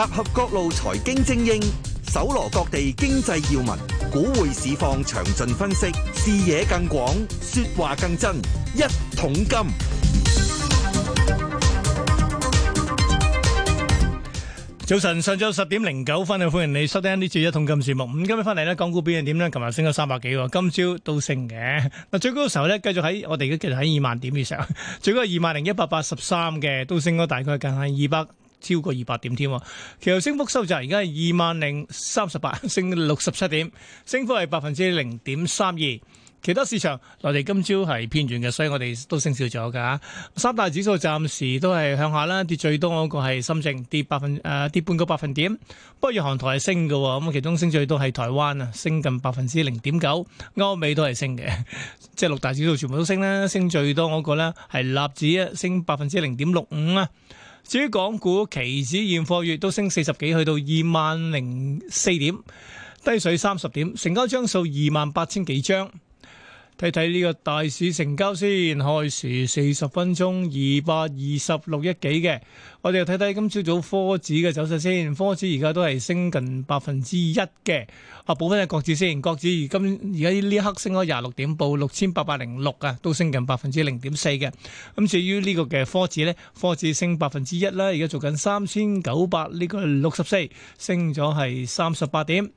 集合各路財經精英，搜羅各地經濟要聞，股匯市況詳盡分析，視野更廣，說話更真。一桶金，早晨，上晝十點零九分，歡迎你收聽呢次一桶金節目。咁今日翻嚟呢，港股表現點呢？琴日升咗三百幾，今朝都升嘅。嗱，最高嘅時候呢，繼續喺我哋嘅，其實喺二萬點以上，最高係二萬零一百八十三嘅，都升咗大概近係二百。超過二百點添，其後升幅收窄，而家係二萬零三十八，升六十七點，升幅係百分之零點三二。其他市場內地今朝係偏軟嘅，所以我哋都升少咗㗎。三大指數暫時都係向下啦，跌最多嗰個係深證，跌百分誒、啊、跌半個百分點。不過日韓台係升嘅，咁其中升最多係台灣啊，升近百分之零點九。歐美都係升嘅，即係六大指數全部都升啦。升最多嗰個咧係納指，升百分之零點六五啊。至於港股期指現貨月都升四十幾，去到二萬零四點，低水三十點，成交張數二萬八千幾張。睇睇呢個大市成交先，開市四十分鐘二百二十六億幾嘅。我哋又睇睇今朝早科指嘅走勢先，科指而家都係升近百分之一嘅。啊，補翻嘅國指先，國指而今而家呢一刻升咗廿六點，報六千八百零六呀，都升近百分之零點四嘅。咁至於呢個嘅科指呢？科指升百分之一啦，而家做緊三千九百呢個六十四，升咗係三十八點。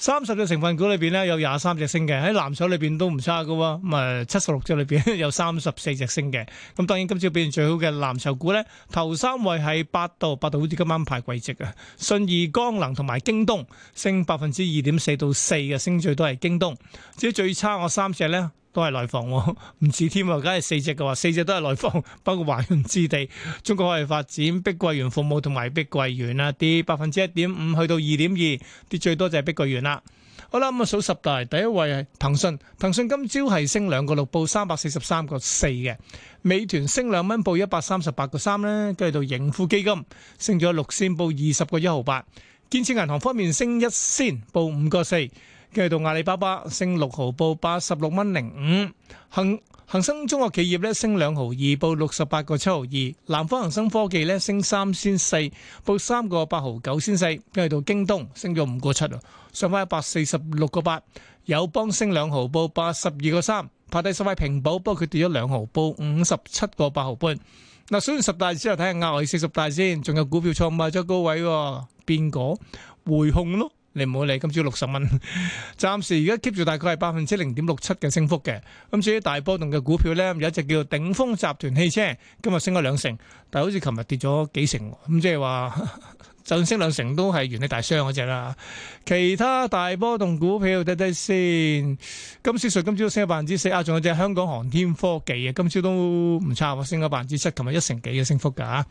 三十隻成分股裏邊咧，有廿三隻升嘅，喺藍籌裏邊都唔差噶喎。咁啊，七十六隻裏邊有三十四隻升嘅。咁當然今朝表現最好嘅藍籌股咧，頭三位係百度，百度好似今晚排季績啊。信義光能同埋京東升百分之二點四到四嘅，升最多係京東。至於最差我三隻咧。都係內房，唔似添啊！而家係四隻嘅話，四隻都係內房，包括華潤置地、中國可以發展、碧桂園服務同埋碧桂園啦。跌百分之一點五，去到二點二，跌最多就係碧桂園啦。好啦，咁啊數十大，第一位係騰訊，騰訊今朝係升兩個六，報三百四十三個四嘅。美團升兩蚊，報一百三十八個三呢，跟住到盈富基金升咗六仙，報二十個一毫八。建設銀行方面升一仙，報五個四。繼續到阿里巴巴升六毫報八十六蚊零五，恒恒生中國企業咧升兩毫二報六十八個七毫二，南方恒生科技咧升三先四報三個八毫九先四，繼續到京東升咗五個七啊，上翻一百四十六個八，友邦升兩毫報八十二個三，排低十塊平保不過佢跌咗兩毫報五十七個八毫半，嗱，完十大之後睇下額外四十大先，仲有股票創賣咗高位喎、啊，邊個回控咯？你唔好理，今朝六十蚊，暫時而家 keep 住大概係百分之零點六七嘅升幅嘅。咁至於大波動嘅股票咧，有一隻叫做頂峰集團汽車，今日升咗兩成，但係好似琴日跌咗幾成，咁即係話 就算升兩成都係元氣大傷嗰隻啦。其他大波動股票睇睇先看看，金斯瑞今朝升咗百分之四啊，仲有隻香港航天科技啊，今朝都唔差，升咗百分之七，琴日一成幾嘅升幅噶吓、啊。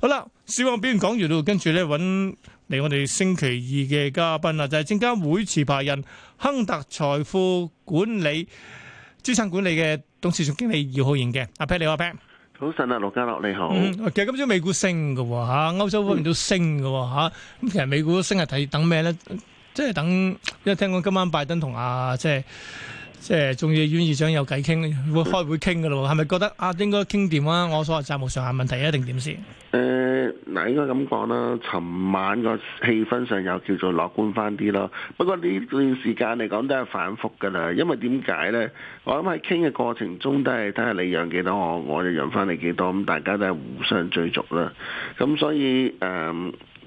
好啦，市況表現講完到，跟住咧揾。嚟我哋星期二嘅嘉賓啦，就係證監會持牌人亨特財富管理資產管理嘅董事總經理姚浩然嘅，阿 p a t 你好 p a t 早晨啊，陸家樂你好、嗯。其實今朝美股升嘅喎嚇，歐洲方面都升嘅喎，咁其實美股升係睇等咩咧？即係等，因為聽講今晚拜登同阿、啊、即係。即係眾議院議長有偈傾，會開會傾噶咯，係咪覺得啊，應該傾掂啊？我所謂債務上限問題一定點先？誒，嗱、呃，應該咁講啦。尋晚個氣氛上又叫做樂觀翻啲咯，不過呢段時間嚟講都係反復噶啦。因為點解咧？我諗喺傾嘅過程中都係睇下你讓幾多，我我就讓翻你幾多，咁大家都係互相追逐啦。咁所以誒。呃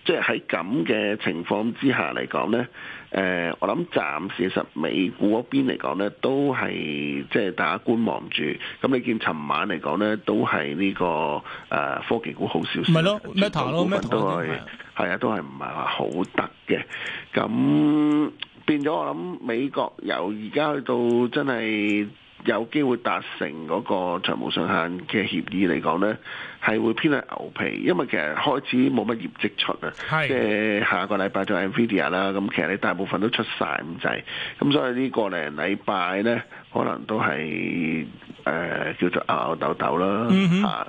即係喺咁嘅情況之下嚟講呢，誒、呃，我諗暫時實美股嗰邊嚟講呢，都係即係大家觀望住。咁你見尋晚嚟講呢，都係呢、呢個誒、呃、科技股好少少，全部股份都係啊，都係唔係話好得嘅。咁變咗我諗美國由而家去到真係有機會達成嗰個財務上限嘅協議嚟講咧，係會偏向牛皮，因為其實開始冇乜業績出啊。即係下個禮拜就 Nvidia 啦，咁其實你大部分都出晒咁滯，咁所以呢個零禮拜咧，可能都係誒叫做拗拗鬥鬥啦，嚇。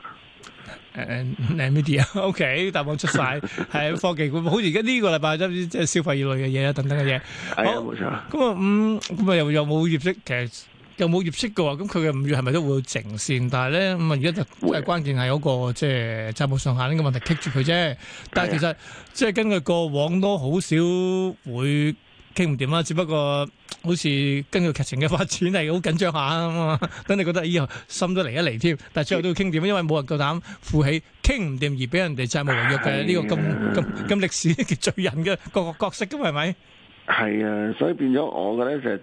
誒 Nvidia OK，大部分出晒。係科技股，好似而家呢個禮拜即係消費業類嘅嘢啊，等等嘅嘢。係啊，冇錯。咁啊，咁咁啊，又又冇業績，其實。又冇業績嘅話，咁佢嘅五月係咪都會靜線？但係咧，咁啊而家就真係關鍵係嗰、那個喂即係債務上限呢個問題棘住佢啫。但係其實、哎、呀即係根據過往都好少會傾唔掂啦。只不過好似根據劇情嘅發展係好緊張下啊、嗯、等你覺得以後，心都嚟一嚟添。但係最後都要傾掂，因為冇人夠膽負起傾唔掂而俾人哋債務違約嘅呢個咁咁咁歷史嘅罪人嘅各個角色嘅係咪？係啊，所以變咗我嘅咧就。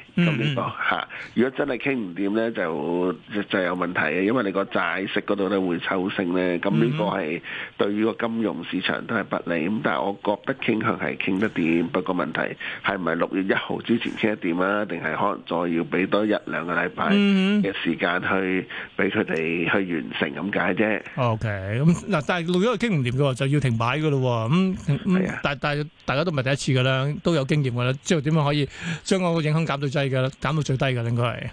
咁呢個嚇，如果真係傾唔掂咧，就就有問題嘅，因為你個債息嗰度咧會抽升咧，咁呢個係對於個金融市場都係不利。咁但係我覺得傾向係傾得掂，不過問題係唔係六月一號之前傾得掂啊？定係可能再要俾多一兩個禮拜嘅時間去俾佢哋去完成咁解啫。OK，咁嗱，但係如果係傾唔掂嘅話，就要停擺嘅咯喎。咁咁，但係但係大家都唔係第一次㗎啦，都有經驗㗎啦，知道點樣可以將我個影響減到最。係噶，減到最低噶，應該係。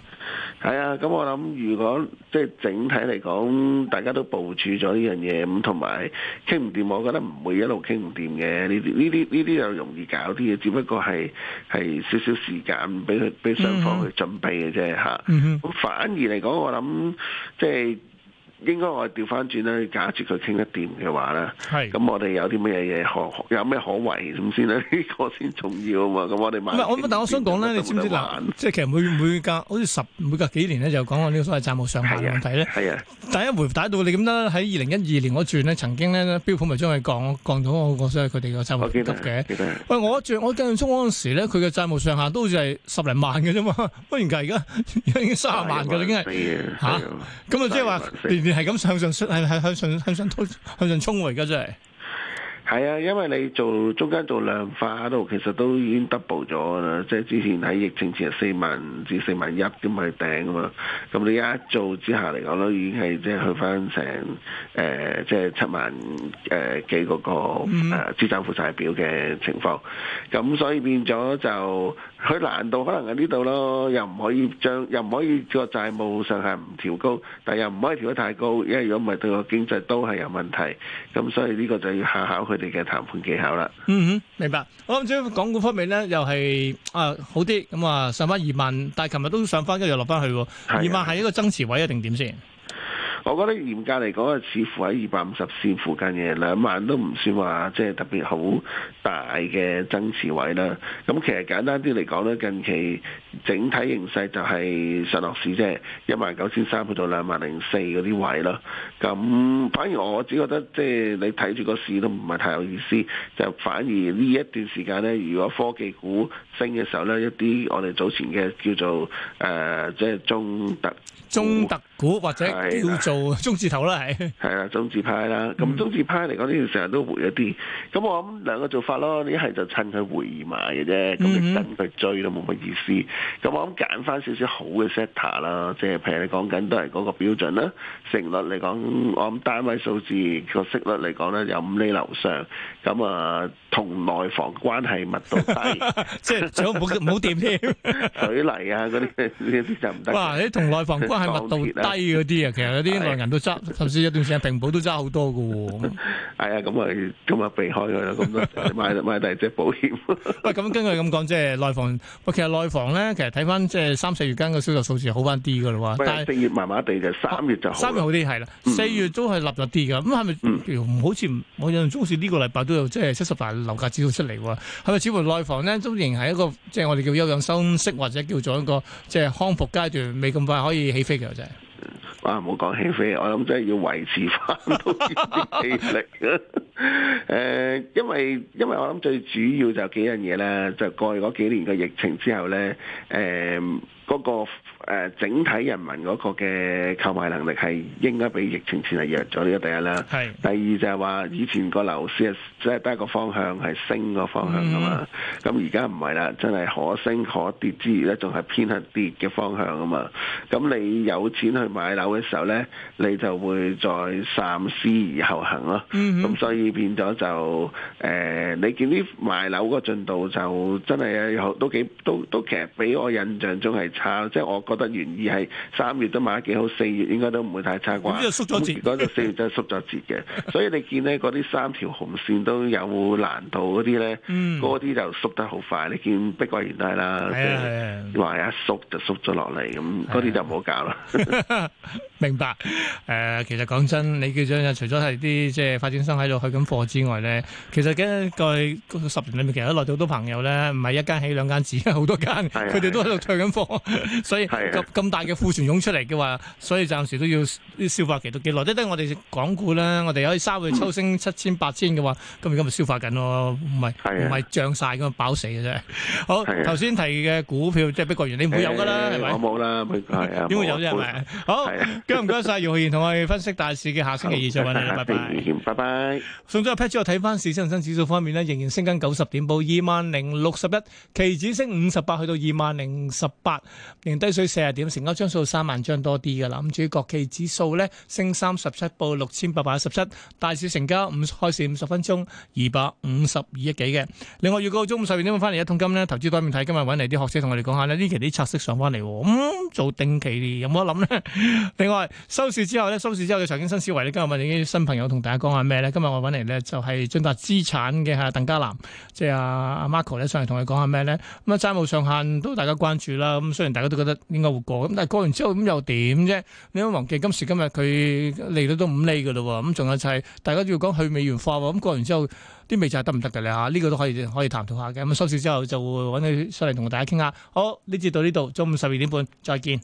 係啊，咁我諗，如果即係整體嚟講，大家都部署咗呢樣嘢，咁同埋傾唔掂，我覺得唔會一路傾唔掂嘅。呢啲呢啲呢啲又容易搞啲嘢，只不過係係少少時間俾佢俾雙方去準備嘅啫，吓、嗯哼。咁反而嚟講，我諗即係。應該我係調翻轉啦，假設佢傾得掂嘅話啦，咁我哋有啲咩嘢嘢可有咩可為咁先呢？呢個先重要啊嘛！咁我哋唔係，但我想講咧，你知唔知嗱？即係其實每每隔好似十每隔幾年咧，就講我呢個所謂債務上限問題咧。係啊，第一回答到你咁啦，喺二零一二年我轉咧，曾經咧，標普咪將佢降降到我個所謂佢哋嘅債務結極嘅。喂，我轉我印象中嗰陣時咧，佢嘅債務上限都好似係十零萬嘅啫嘛。忽然間而家已經三十萬嘅，已經係嚇咁啊！即係話係咁向上，向係係向上，向上推，向上衝。而家真係。 係啊，因為你做中間做量化度，其實都已經 double 咗㗎啦，即係之前喺疫情前四萬至四萬一咁去頂啊嘛。咁、就是、你一做之下嚟講都已經係即係去翻成誒、呃、即係七萬誒幾嗰個誒資產負債表嘅情況。咁所以變咗就佢難度可能喺呢度咯，又唔可以將又唔可以個債務上限唔調高，但又唔可以調得太高，因為如果唔係對個經濟都係有問題。咁所以呢個就要下考佢。哋嘅談判技巧啦，嗯哼，明白。我唔知港股方面咧又係啊好啲，咁啊上翻二萬，但係琴日都上翻，跟住又落翻去，的二萬係一個增持位啊，定點先？我覺得嚴格嚟講，啊，似乎喺二百五十線附近嘅兩萬都唔算話即係特別好大嘅增持位啦。咁其實簡單啲嚟講呢，近期整體形勢就係上落市即係，一萬九千三去到兩萬零四嗰啲位啦。咁反而我只覺得即係你睇住個市都唔係太有意思，就反而呢一段時間呢，如果科技股升嘅時候呢，一啲我哋早前嘅叫做誒、呃，即係中特中特股或者叫做中字頭啦，係係啊，中字派。啦。咁中字派嚟講，呢啲成日都回一啲。咁我諗兩個做法咯。你一係就趁佢回埋嘅啫。咁你跟佢追都冇乜意思。咁我諗揀翻少少好嘅 sector 啦，即係譬如你講緊都係嗰個標準啦。成率嚟講，我諗單位數字個息率嚟講咧，有五厘樓上。咁啊，同內房關係密度低，即係最好唔好掂添？水泥啊，嗰啲呢啲就唔得。哇！啲同內房關係密度低。低嗰啲啊， 哎、呀其實有啲內銀都揸，甚至、哎、呀一段時間平保都揸好多噶喎。啊、哎，咁啊咁啊避開佢啦，咁啊 買第二隻保險。喂，咁根據咁講，即、就、係、是、內房。喂，其實內房咧，其實睇翻即係三四月間嘅銷售數字好翻啲噶啦喎。是但係是四月麻麻地就三月就三月好啲係啦，四月都係立立啲噶。咁係咪好似我印象中是呢個禮拜都有即係七十萬樓價指數出嚟喎？係咪似乎內房咧都仍係一個即係、就是、我哋叫休養生息或者叫做一個即係康復階段，未咁快可以起飛嘅啫？啊！唔好講起飛，我諗真係要維持翻到啲氣力啊！誒，因為因為我諗最主要就幾樣嘢啦，就是、過去嗰幾年嘅疫情之後咧，誒、嗯、嗰、那個。誒，整體人民嗰個嘅購買能力係應該比疫情前係弱咗，呢個第一啦。係第二就係話，以前個樓市即係得一個方向係升個方向噶嘛，咁而家唔係啦，真係可升可跌之餘咧，仲係偏向跌嘅方向啊嘛。咁你有錢去買樓嘅時候咧，你就會再三思而後行咯。咁、嗯、哼所以變咗就誒、呃，你見啲賣樓個進度就真係都幾都都其實俾我印象中係差，即係我覺。不如二係三月都買得幾好，四月應該都唔會太差啩。嗰度四月真係縮咗節嘅，所以你見咧，嗰啲三條紅線都有難度嗰啲咧，嗰啲就縮得好快。你見碧桂園都係啦，話一縮就縮咗落嚟咁，嗰啲就唔好搞啦。明白，誒其實講真，李記者又除咗係啲即係發展商喺度去緊貨之外咧，其實嘅各十年裏面其實都內到好多朋友咧，唔係一間起兩間止，好多間，佢哋都喺度去緊貨，所以咁咁大嘅庫存湧出嚟嘅話，所以暫時都要消化期都幾耐。即啲，我哋港股啦，我哋可以三個月抽升七千八千嘅話，咁而家咪消化緊咯，唔係唔係漲曬咁飽死嘅啫。好頭先提嘅股票即係碧桂園，你唔會有㗎啦，係咪？我冇啦，唔會啊，點會有啫？係咪？好。唔該晒姚浩然同我哋分析大市嘅下星期二再揾你，拜拜。送咗阿 Patrick 之後睇翻市，恒生指數方面咧，仍然升緊九十點，報二萬零六十一，期指升五十八，去到二萬零十八，零低水四十點，成交張數三萬張多啲噶啦。咁至於國企指數咧，升三十七，報六千八百一十七，大市成交五開市五十分鐘二百五十二億幾嘅。另外預告中午十二點會翻嚟一通金咧，投資方面睇，今日揾嚟啲學者同我哋講下咧，呢期啲拆息上翻嚟，咁做定期有冇得諗咧？另外。收市之後呢，收市之後嘅財經新思維呢，今日問啲新朋友同大家講下咩咧？今日我揾嚟呢，就係駿達資產嘅吓鄧嘉南，即係阿阿 Marco 咧，上嚟同佢講下咩咧？咁啊債務上限都大家關注啦，咁雖然大家都覺得應該會過，咁但係過完之後咁又點啫？你唔好忘記今時今日佢嚟到都五厘噶啦，咁仲有就係大家都要講去美元化，咁過完之後啲美債得唔得嘅咧？吓呢個都可以可以探討下嘅。咁收市之後就會揾你上嚟同大家傾下。好，呢節到呢度，中午十二點半再見。